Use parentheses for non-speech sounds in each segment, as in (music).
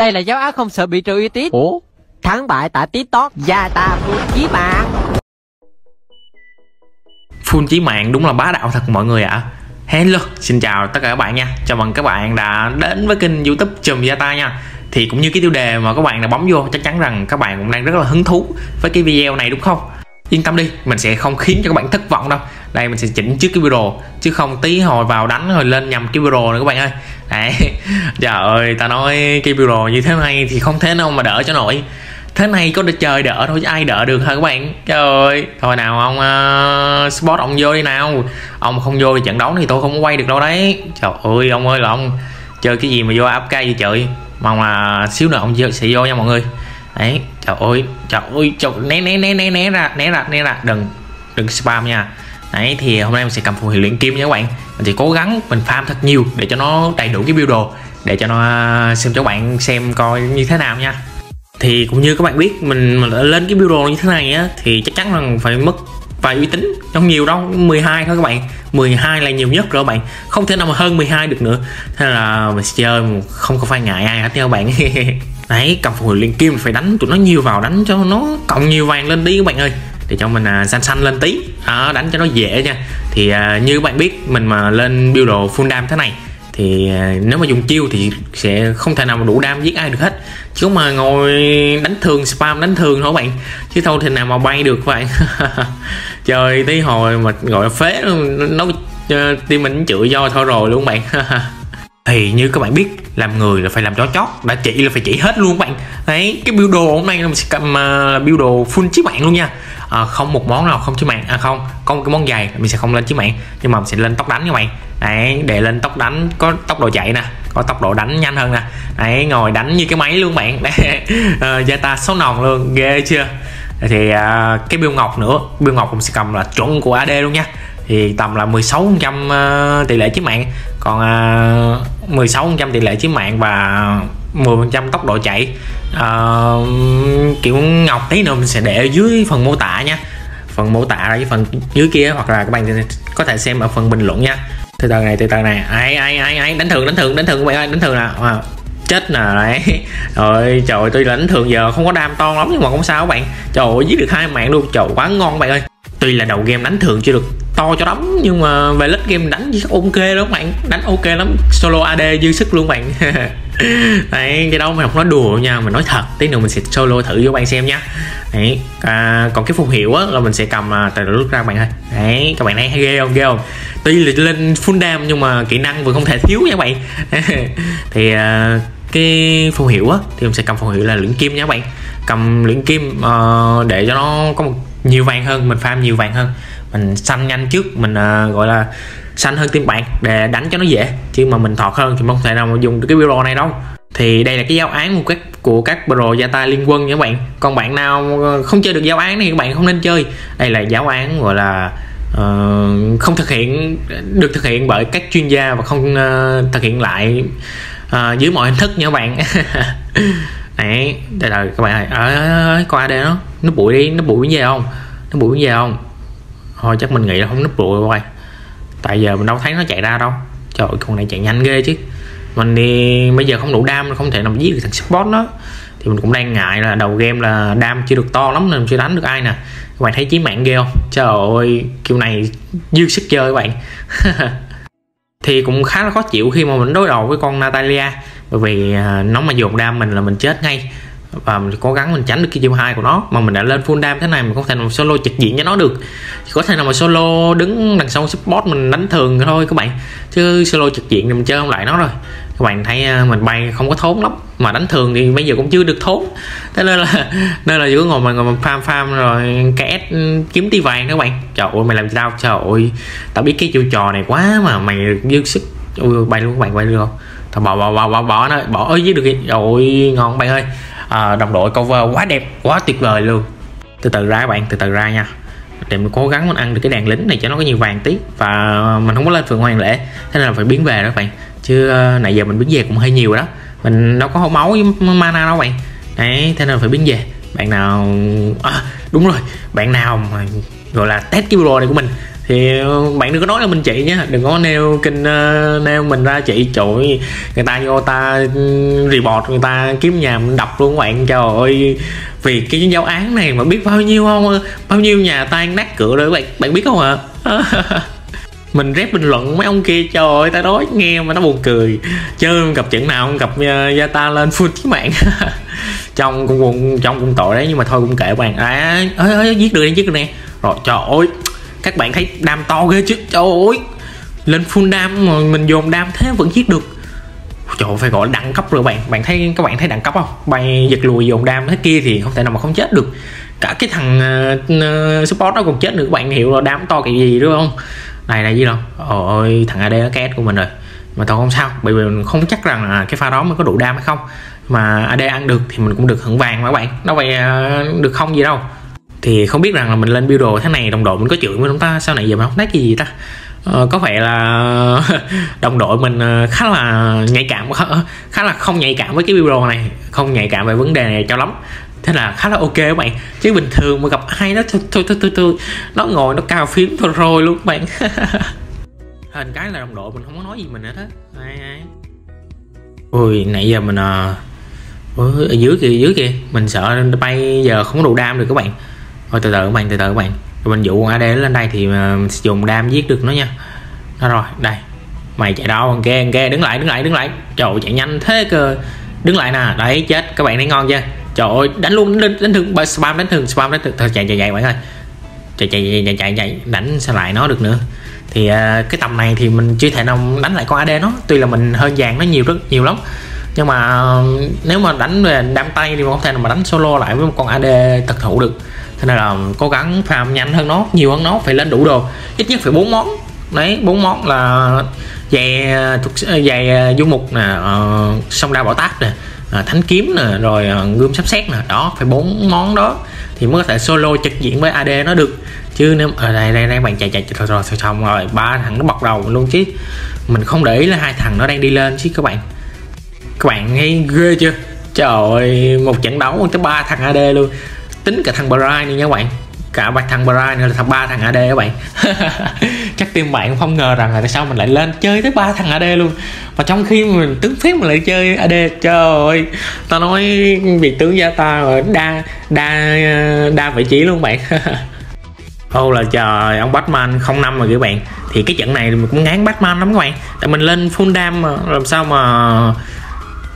Đây là giáo ác không sợ bị trừ uy tín Ủa? Thắng bại tại TikTok Gia ta Phun Chí Mạng Phun Chí Mạng đúng là bá đạo thật mọi người ạ à. Hello, xin chào tất cả các bạn nha Chào mừng các bạn đã đến với kênh youtube Trùm Gia Ta nha Thì cũng như cái tiêu đề mà các bạn đã bấm vô Chắc chắn rằng các bạn cũng đang rất là hứng thú với cái video này đúng không? yên tâm đi mình sẽ không khiến cho các bạn thất vọng đâu đây mình sẽ chỉnh trước cái video chứ không tí hồi vào đánh rồi lên nhầm cái video nữa các bạn ơi đấy trời ơi ta nói cái như thế này thì không thế nào mà đỡ cho nổi thế này có được trời đỡ thôi chứ ai đỡ được hả các bạn trời ơi thôi nào ông uh, ờ, sport ông vô đi nào ông không vô thì trận đấu thì tôi không quay được đâu đấy trời ơi ông ơi là ông chơi cái gì mà vô áp cây vậy trời mong là xíu nữa ông sẽ vô nha mọi người đấy trời ơi trời ơi trời né né né né né ra né ra né ra đừng đừng spam nha đấy thì hôm nay mình sẽ cầm phù hiệu luyện kim nha các bạn mình sẽ cố gắng mình farm thật nhiều để cho nó đầy đủ cái build đồ để cho nó à, xem cho các bạn xem coi như thế nào nha thì cũng như các bạn biết mình, lên cái build đồ như thế này á thì chắc chắn là phải mất vài uy tín trong nhiều đâu 12 thôi các bạn 12 là nhiều nhất rồi các bạn không thể nào mà hơn 12 được nữa thế là mình sẽ chơi không có phải ngại ai hết nha các bạn (laughs) đấy cầm phù hiệu luyện kim phải đánh tụi nó nhiều vào đánh cho nó cộng nhiều vàng lên đi các bạn ơi để cho mình à, xanh xanh lên tí à, đánh cho nó dễ nha thì à, như bạn biết mình mà lên build đồ full đam thế này thì à, nếu mà dùng chiêu thì sẽ không thể nào mà đủ đam giết ai được hết chứ mà ngồi đánh thường spam đánh thường thôi bạn chứ thôi thì nào mà bay được vậy (laughs) trời tí hồi mà gọi phế nó ờ, tim mình chửi do thôi rồi luôn bạn (laughs) thì như các bạn biết làm người là phải làm chó chót đã chỉ là phải chỉ hết luôn bạn đấy cái build đồ hôm nay mình sẽ cầm uh, build đồ full chiếc bạn luôn nha à, không một món nào không chiếu mạng à không có một cái món dài mình sẽ không lên chiếu mạng nhưng mà mình sẽ lên tóc đánh các bạn đấy để lên tóc đánh có tốc độ chạy nè có tốc độ đánh nhanh hơn nè đấy ngồi đánh như cái máy luôn bạn (laughs) đấy à, ờ, Zeta số nòn luôn ghê chưa thì à, cái biêu ngọc nữa biêu ngọc cũng sẽ cầm là chuẩn của AD luôn nha thì tầm là 16 ờ, à, trăm tỷ lệ chiếm mạng còn à, 16 trăm tỷ lệ chiếm mạng và 10 tốc độ chạy uh, kiểu ngọc tí nữa mình sẽ để ở dưới phần mô tả nha phần mô tả ở phần dưới kia hoặc là các bạn có thể xem ở phần bình luận nha từ từ này từ từ này ai ai ai ai đánh thường đánh thường đánh thường các bạn ơi đánh thường nào à, chết nè đấy (laughs) rồi trời tôi đánh thường giờ không có đam to lắm nhưng mà không sao các bạn trời ơi giết được hai mạng luôn trời quá ngon các bạn ơi tuy là đầu game đánh thường chưa được to cho lắm nhưng mà về lít game đánh rất ok lắm bạn đánh ok lắm solo ad dư sức luôn bạn (laughs) đấy cái đâu mình không nói đùa nha mình nói thật tí nữa mình sẽ solo thử cho bạn xem nha đấy à, còn cái phù hiệu á là mình sẽ cầm à, từ lúc ra bạn thôi đấy các bạn thấy ghê không ghê không tuy là lên full dam nhưng mà kỹ năng vẫn không thể thiếu nha bạn (laughs) thì à, cái phù hiệu á thì mình sẽ cầm phù hiệu là luyện kim nha bạn cầm luyện kim uh, để cho nó có một nhiều vàng hơn mình farm nhiều vàng hơn mình xanh nhanh trước mình uh, gọi là xanh hơn team bạn để đánh cho nó dễ chứ mà mình thọt hơn thì không thể nào mà dùng được cái bureau này đâu thì đây là cái giáo án của các của các pro gia tay liên quân nha các bạn còn bạn nào không chơi được giáo án này các bạn không nên chơi đây là giáo án gọi là uh, không thực hiện được thực hiện bởi các chuyên gia và không uh, thực hiện lại uh, dưới mọi hình thức nha các bạn này (laughs) đây là các bạn ơi ở coi đây nó nó bụi đi nó bụi cái gì không nó bụi cái gì không thôi chắc mình nghĩ là không núp bụi rồi quay tại giờ mình đâu thấy nó chạy ra đâu trời ơi, con này chạy nhanh ghê chứ mình đi bây giờ không đủ đam không thể làm giết được thằng spot nó thì mình cũng đang ngại là đầu game là đam chưa được to lắm nên chưa đánh được ai nè các bạn thấy chí mạng ghê không trời ơi kiểu này dư sức chơi các bạn (laughs) thì cũng khá là khó chịu khi mà mình đối đầu với con Natalia bởi vì à, nó mà dồn đam mình là mình chết ngay và mình cố gắng mình tránh được cái chiêu hai của nó mà mình đã lên full dam thế này mình không thể nào solo trực diện cho nó được chỉ có thể nào mà solo đứng đằng sau support mình đánh thường thôi các bạn chứ solo trực diện thì mình chơi không lại nó rồi các bạn thấy à, mình bay không có thốn lắm mà đánh thường thì bây giờ cũng chưa được thốn thế nên là (laughs) nên là giữa ngồi mà ngồi mà farm farm rồi KS ừ, kiếm tí vàng các bạn trời ơi mày làm sao trời ơi tao biết cái chiêu trò này quá mà mày dư sức ui bay luôn các bạn bay luôn thôi bỏ bỏ bỏ bỏ bỏ nó bỏ ở dưới được ơi ngon bay ơi à, đồng đội cover quá đẹp quá tuyệt vời luôn từ từ ra bạn từ từ ra nha để mình cố gắng mình ăn được cái đàn lính này cho nó có nhiều vàng tí và mình không có lên phượng hoàng lễ thế nên là phải biến về đó bạn chứ ờ, nãy giờ mình biến về cũng hơi nhiều đó mình đâu có hổ máu với mana đâu bạn đấy thế nên là phải biến về bạn nào à, đúng rồi bạn nào mà gọi là test cái pro này của mình thì bạn đừng có nói là mình chị nhé đừng có nêu kinh uh, ờ, nêu mình ra chị trội người ta vô ta ừ, report người ta kiếm nhà mình đọc luôn bạn trời ơi vì cái giáo án này mà biết bao nhiêu không bao nhiêu nhà tan nát cửa rồi bạn bạn biết không ạ à? (laughs) mình rép bình luận mấy ông kia trời ơi ta nói nghe mà nó buồn cười chơi gặp chuyện nào không gặp uh, gia ta lên full với mạng (laughs) trong cũng, cũng trong cũng tội đấy nhưng mà thôi cũng kệ bạn à ơi ơi giết được đi giết được nè rồi trời ơi các bạn thấy đam to ghê chứ trời ơi lên full đam mà mình dồn đam thế vẫn giết được trời ơi, phải gọi đẳng cấp rồi bạn bạn thấy các bạn thấy đẳng cấp không bay giật lùi dồn đam thế kia thì không thể nào mà không chết được cả cái thằng uh, support nó còn chết nữa, các bạn hiểu là đam to cái gì đúng không này này gì đâu ôi ơi thằng AD nó két của mình rồi mà thôi không sao bởi vì mình không chắc rằng là cái pha đó mới có đủ đam hay không mà AD ăn được thì mình cũng được hưởng vàng mà các bạn nó vậy uh, được không gì đâu thì không biết rằng là mình lên biểu đồ tháng này đồng đội mình có chửi với chúng ta sau này giờ mà không nói gì ta ờ, có vẻ là (laughs) đồng đội mình ờ, khá là nhạy cảm khá là không nhạy cảm với cái biểu đồ này không nhạy cảm về vấn đề này cho lắm thế là khá là ok các bạn chứ bình thường mà gặp ai nó tôi tôi tôi tôi nó ngồi nó cao phím thôi rồi luôn các bạn hình (laughs) cái là đồng đội mình không có nói gì mình hết á ai ai ôi nãy giờ mình à ở dưới kia dưới kia mình sợ bay giờ không có đủ đam được các bạn thôi từ từ các bạn từ từ các bạn rồi mình dụ con AD lên đây thì ờ, dùng đam giết được nó nha nó rồi đây mày chạy đâu con kia đứng lại đứng lại đứng lại trời ơi, chạy nhanh thế cơ đứng lại nè đấy chết các bạn thấy ngon chưa trời ơi đánh luôn đánh, đánh thường spam đánh thường spam đánh thường thôi chạy chạy chạy bạn ơi chạy chạy chạy chạy chạy đánh sao lại nó được nữa thì ờ, cái tầm này thì mình chưa thể nào đánh lại con AD nó tuy là mình hơn vàng nó nhiều rất nhiều lắm nhưng mà ờ, nếu mà đánh về đam tay thì mình không thể nào mà đánh solo lại với một con AD thực thụ được thế nên là cố gắng farm nhanh hơn nó nhiều hơn nó phải lên đủ đồ ít nhất phải bốn món đấy bốn món là giày thuộc giày du mục nè uh, sông đa bảo táp nè uh, thánh kiếm nè rồi uh, gươm sắp xét nè đó phải bốn món đó thì mới có thể solo trực diện với ad nó được chứ nếu ở đây đây đang bạn chạy chạy rồi rồi xong rồi ba thằng nó bọc đầu luôn chứ mình không để ý là hai thằng nó đang đi lên chứ các bạn các bạn thấy ghê chưa trời ơi một trận đấu tới ba thằng ad luôn tính cả thằng Brian đi nha các bạn cả ba thằng Brian nữa là thằng ba thằng AD các bạn (laughs) chắc team bạn không ngờ rằng là tại sao mình lại lên chơi tới ba thằng AD luôn và trong khi mình tướng phép mình lại chơi AD trời ơi ta nói vị tướng gia ta rồi đa đa đa vị trí luôn bạn (laughs) ô là trời ông Batman không năm rồi các bạn thì cái trận này mình cũng ngán Batman lắm các bạn tại mình lên full dam mà làm sao mà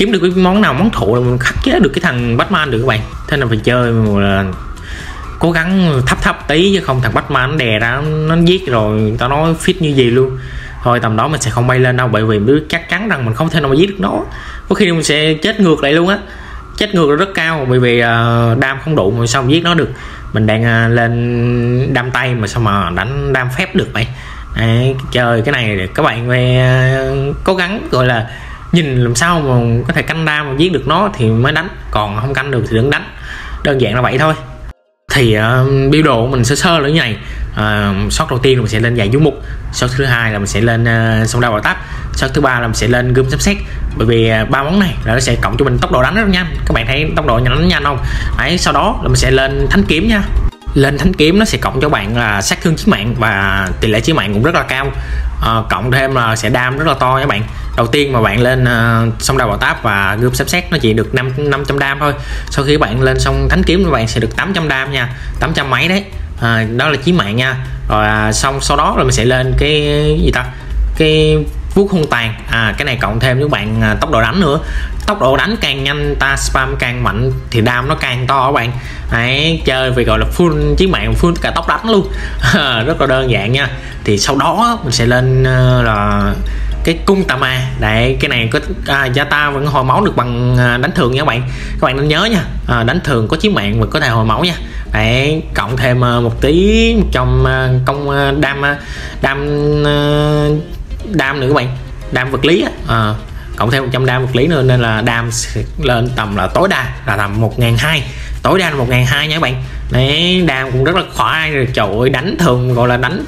kiếm được cái món nào món thụ là mình khắc chế được cái thằng Batman được các bạn thế nên phải chơi là cố gắng thấp thấp tí chứ không thằng Batman nó đè ra nó giết rồi tao nói fit như gì luôn thôi tầm đó mình sẽ không bay lên đâu bởi vì mình chắc chắn rằng mình không thể nào mà giết được nó có khi mình sẽ chết ngược lại luôn á chết ngược rất cao bởi vì ờ, đam không đủ mà sao mà giết nó được mình đang ờ, lên đam tay mà sao mà đánh đam phép được vậy Đấy, chơi cái này để các bạn về ờ, cố gắng gọi là nhìn làm sao mà có thể canh ra mà giết được nó thì mới đánh còn không canh được thì đừng đánh đơn giản là vậy thôi thì uh, biểu đồ của mình sơ sơ là như này uh, shot đầu tiên là mình sẽ lên dài du mục shot thứ hai là mình sẽ lên uh, ờ, sông đao bảo táp shot thứ ba là mình sẽ lên gươm sắp xét bởi vì ba uh, món này là nó sẽ cộng cho mình tốc độ đánh rất nhanh các bạn thấy tốc độ đánh nhanh không đấy sau đó là mình sẽ lên thánh kiếm nha lên thánh kiếm nó sẽ cộng cho bạn là sát thương chí mạng và tỷ lệ chí mạng cũng rất là cao à, cộng thêm là sẽ đam rất là to các bạn đầu tiên mà bạn lên uh, ờ, sông đào bảo táp và gươm xếp xét nó chỉ được 5 500 đam thôi sau khi bạn lên xong thánh kiếm các bạn sẽ được 800 đam nha 800 mấy đấy à, đó là chí mạng nha rồi à, xong sau đó là mình sẽ lên cái gì ta cái vuốt hung tàn à cái này cộng thêm với bạn à, tốc độ đánh nữa tốc độ đánh càng nhanh ta spam càng mạnh thì đam nó càng to các bạn hãy chơi vì gọi là full chiến mạng full cả tốc đánh luôn (laughs) rất là đơn giản nha thì sau đó mình sẽ lên à, là cái cung tà ma đấy cái này có à, gia ta vẫn hồi máu được bằng à, đánh thường nha các bạn các bạn nên nhớ nha à, đánh thường có chiến mạng và có thể hồi máu nha đấy cộng thêm à, một tí trong à, công đam đam đam nữa các bạn đam vật lý à, cộng thêm 100 đam vật lý nữa nên là đam lên tầm là tối đa là tầm 1002 tối đa là 1002 nha các bạn đấy đam cũng rất là khoai rồi trời ơi đánh thường gọi là đánh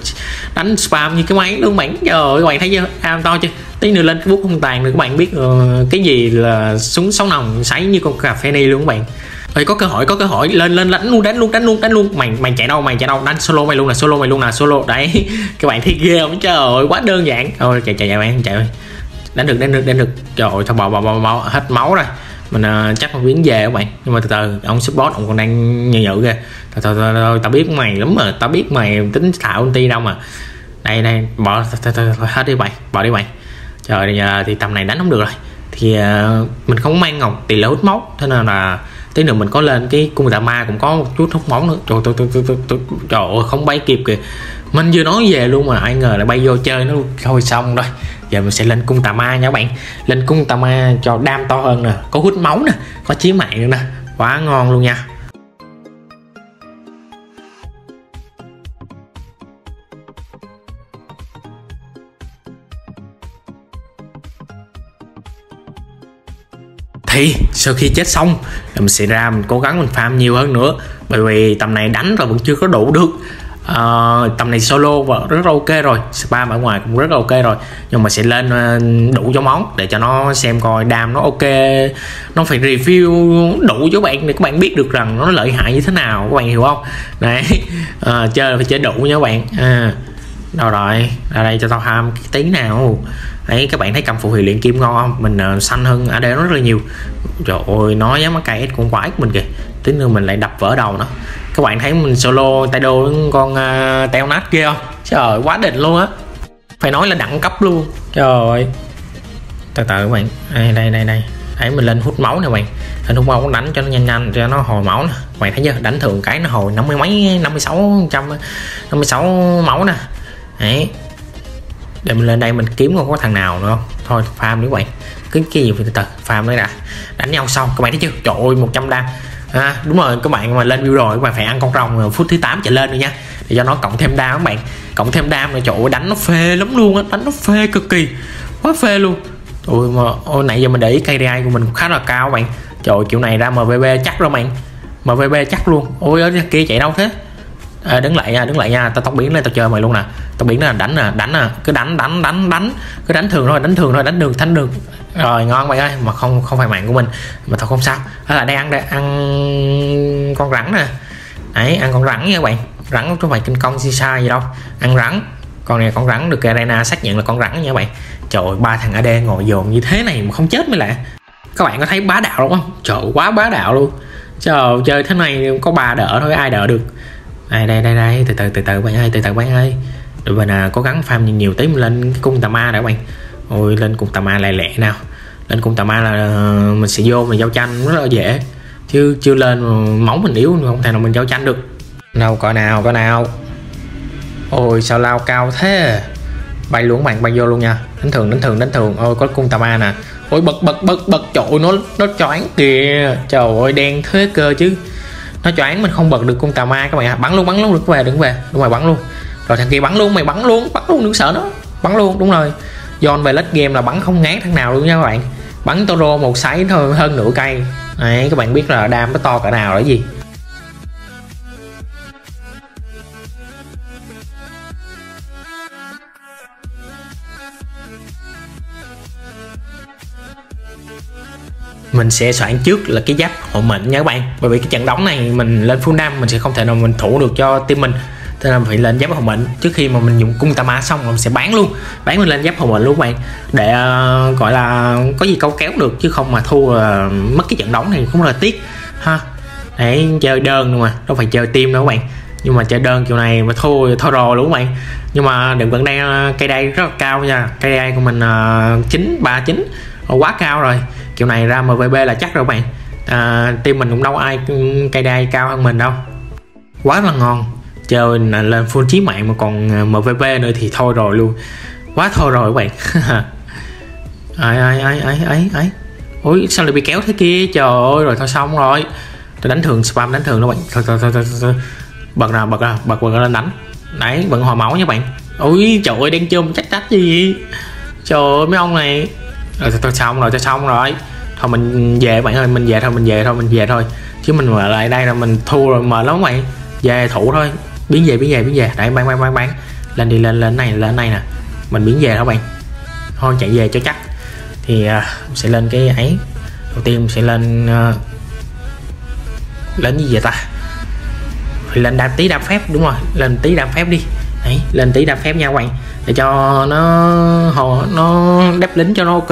đánh spam như cái máy luôn bạn giờ các bạn thấy chưa am to chưa tí nữa lên facebook không tàn rồi các bạn biết uh, cái gì là súng sóng nòng sấy như con cà phê này luôn các bạn ơi có cơ hội có cơ hội lên lên đánh luôn đánh luôn đánh luôn đánh luôn mày mày chạy đâu mày chạy đâu đánh solo mày luôn là solo mày luôn là solo đấy (laughs) các bạn thấy ghê không trời ơi quá đơn giản thôi chạy chạy chạy bạn chạy ơi đánh được đánh được đánh được trời ơi thôi bỏ bỏ bỏ, bỏ. hết máu rồi mình uh, chắc ông biến về các bạn nhưng mà từ từ ông support ông còn đang nhự nhự kìa từ từ thôi, tao biết mày lắm mà tao biết mày tính tạo công ty đâu mà đây đây bỏ hết đi mày bỏ đi mày trời giờ à, thì tầm này đánh không được rồi thì uh, mình không mang ngọc tỷ lệ hút máu thế nên là tí nữa mình có lên cái cung tạ ma cũng có một chút hút máu nữa trời, trời, trời, trời, trời, trời, trời không bay kịp kìa mình vừa nói về luôn mà ai ngờ lại bay vô chơi nó thôi xong rồi giờ mình sẽ lên cung tà ma nha các bạn lên cung tà ma cho đam to hơn nè có hút máu nè có chí mạng nữa nè quá ngon luôn nha thì sau khi chết xong mình sẽ ra mình cố gắng mình farm nhiều hơn nữa bởi vì tầm này đánh rồi vẫn chưa có đủ được uh, tầm này solo và rất là ok rồi spam ở ngoài cũng rất là ok rồi nhưng mà sẽ lên ờ, đủ cho món để cho nó xem coi đam nó ok nó phải review đủ cho bạn để các bạn biết được rằng nó lợi hại như thế nào các bạn hiểu không đấy uh, (laughs) chơi là phải chơi đủ nha các bạn à, đâu rồi ra đây cho tao ham cái tí nào đấy các bạn thấy cầm phụ hiệu luyện kim ngon không mình uh, xanh hơn AD nó rất là nhiều trời ơi nó với cái cũng quái của mình kìa tí nữa mình lại đập vỡ đầu nó các bạn thấy mình solo tay đô con uh, à, teo nát kia không trời quá đỉnh luôn á phải nói là đẳng cấp luôn trời ơi từ từ các bạn đây đây đây đây đấy mình lên hút máu nè bạn lên hút máu đánh cho nó nhanh nhanh cho nó hồi máu nè bạn thấy chưa đánh thường cái nó hồi năm mươi mấy năm mươi sáu trăm năm mươi sáu máu nè đấy để mình lên đây mình kiếm không có thằng nào nữa không thôi farm đi các bạn cứ kia gì từ từ farm đấy đã đánh nhau xong các bạn thấy chưa trời ơi một trăm đam ha đúng rồi các bạn mà lên view rồi các bạn phải ăn con rồng phút thứ 8 trở lên rồi nha để cho nó cộng thêm đam các bạn cộng thêm đam là chỗ đánh nó phê lắm luôn á đánh nó phê cực kỳ quá phê luôn ôi mà ôi nãy giờ mình để ý KPI của mình khá là cao các bạn trời ơi, kiểu này ra MVP chắc rồi bạn MVP chắc luôn ôi ở kia chạy đâu thế à, đứng lại nha đứng lại nha tao tóc biến lên tao chơi mày luôn nè tao biển là đánh nè à, đánh nè à, cứ đánh đánh đánh đánh cứ đánh thường thôi đánh thường thôi đánh đường thánh đường rồi ngon mày ơi mà không không phải mạng của mình mà thôi không sao đó là đang ăn đây, ăn con rắn nè đấy ăn con rắn nha các bạn rắn chứ không phải kinh công si sai gì đâu ăn rắn con này con rắn được arena xác nhận là con rắn nha các bạn trời ba thằng ad ngồi dồn như thế này mà không chết mới lạ các bạn có thấy bá đạo không trời quá bá đạo luôn trời chơi thế này có bà đỡ thôi ai đỡ được đây đây đây đây từ từ từ từ bạn ơi từ từ bạn ơi đội bên à, cố gắng farm nhiều tí lên cái cung tà ma đã các bạn ôi lên cung tà ma lẹ lẹ nào lên cung tà ma là ờ, mình sẽ vô mình giao tranh rất là dễ chứ chưa lên móng mình yếu không thể nào mình giao tranh được nào cỡ nào cỡ nào ôi sao lao cao thế bay luôn bạn bay vô luôn nha đánh thường đánh thường đánh thường ôi có cung tà ma nè ôi bật bật bật bật trội nó nó choáng kìa trời ơi đen thế cơ chứ nó choáng mình không bật được cung tà ma các bạn ạ bắn luôn bắn luôn được về đứng về đúng rồi bắn luôn rồi thằng kia bắn luôn mày bắn luôn bắn luôn đừng sợ nó bắn luôn đúng rồi John về late game là bắn không ngán thằng nào luôn nha các bạn bắn Toro một sấy thôi hơn nửa cây đấy các bạn biết là đam nó to cỡ nào đấy gì mình sẽ soạn trước là cái giáp hộ mệnh nha các bạn bởi vì cái trận đóng này mình lên full nam mình sẽ không thể nào mình thủ được cho team mình thì là mình phải lên giáp hồng mệnh trước khi mà mình dùng cung tam á xong mình sẽ bán luôn bán mình lên giáp hồng mệnh luôn bạn để uh, gọi là có gì câu kéo được chứ không mà thua là ờ, mất cái trận đấu này cũng là tiếc ha để chơi đơn mà đâu phải chơi team đâu bạn nhưng mà chơi đơn kiểu này mà thua thua rồ luôn các bạn nhưng mà đừng vẫn đang cây đây rất là cao nha cây đây của mình ờ, chín ba chín quá cao rồi kiểu này ra mvp là chắc rồi bạn à, team mình cũng đâu ai ừ, cây đây cao hơn mình đâu quá là ngon chơi là lên full chí mạng mà còn à, mvp nữa thì thôi rồi luôn quá thôi rồi các bạn (laughs) ai ai ai ai ai, ấy ôi sao lại bị kéo thế kia trời ơi rồi thôi xong rồi tôi đánh thường spam đánh thường đó bạn thôi thôi thôi, thôi, thôi. bật nào bật nào bật bật lên đánh đấy vẫn hòa máu nha bạn ôi trời ơi đang chơi chắc chắc gì vậy? trời ơi mấy ông này rồi thôi, thôi xong rồi thôi xong rồi thôi mình về bạn ơi mình về thôi mình về thôi mình về thôi chứ mình mà lại đây là mình thua rồi mệt lắm bạn về thủ thôi biến về biến về biến về đấy bán bán bán bán lên đi lên lên này lên này nè mình biến về đó bạn thôi chạy về cho chắc thì uh, sẽ lên cái ấy đầu tiên sẽ lên uh, lên gì vậy ta Phải lên đạp tí đạp phép đúng rồi lên tí đạp phép đi đấy lên tí đạp phép nha các bạn để cho nó hồ nó đáp lính cho nó ok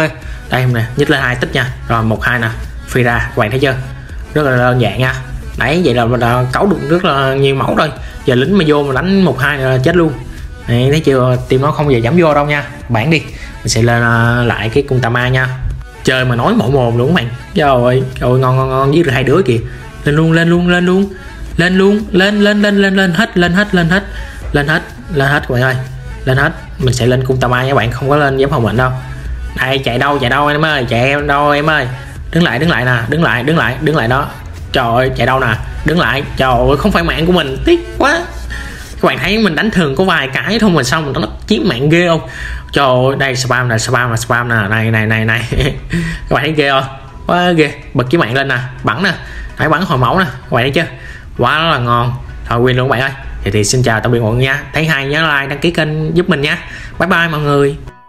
đây nè nhích lên hai tích nha rồi một hai nè phi ra bạn thấy chưa rất là đơn giản nha đấy vậy là mình đã cấu được rất là nhiều mẫu rồi giờ lính mà vô mà đánh một hai là chết luôn Đấy, thấy chưa team nó không giờ dám vô đâu nha bản đi mình sẽ lên ờ, lại cái cung ma nha Trời mà nói mỗi mồm luôn các bạn trời ơi ngon ngon ngon với hai đứa kìa lên luôn lên luôn lên luôn lên luôn lên lên lên lên lên hết lên hết lên hết lên hết lên hết các bạn ơi lên hết mình sẽ lên cung tama nha các bạn không có lên giám phòng mệnh đâu đây chạy đâu chạy đâu em ơi chạy em đâu em ơi đứng lại đứng lại nè đứng lại đứng lại đứng lại đó trời ơi chạy đâu nè đứng lại trời ơi không phải mạng của mình tiếc quá các bạn thấy mình đánh thường có vài cái thôi mà xong nó chiếm mạng ghê không trời ơi đây spam này spam này spam nè này này này này (laughs) các bạn thấy ghê không quá ghê bật chiếm mạng lên nè bắn nè hãy bắn hồi máu nè các bạn thấy chưa quá là ngon thôi quên luôn các bạn ơi thì, thì xin chào tạm biệt mọi người nha thấy hay nhớ like đăng ký kênh giúp mình nha bye bye mọi người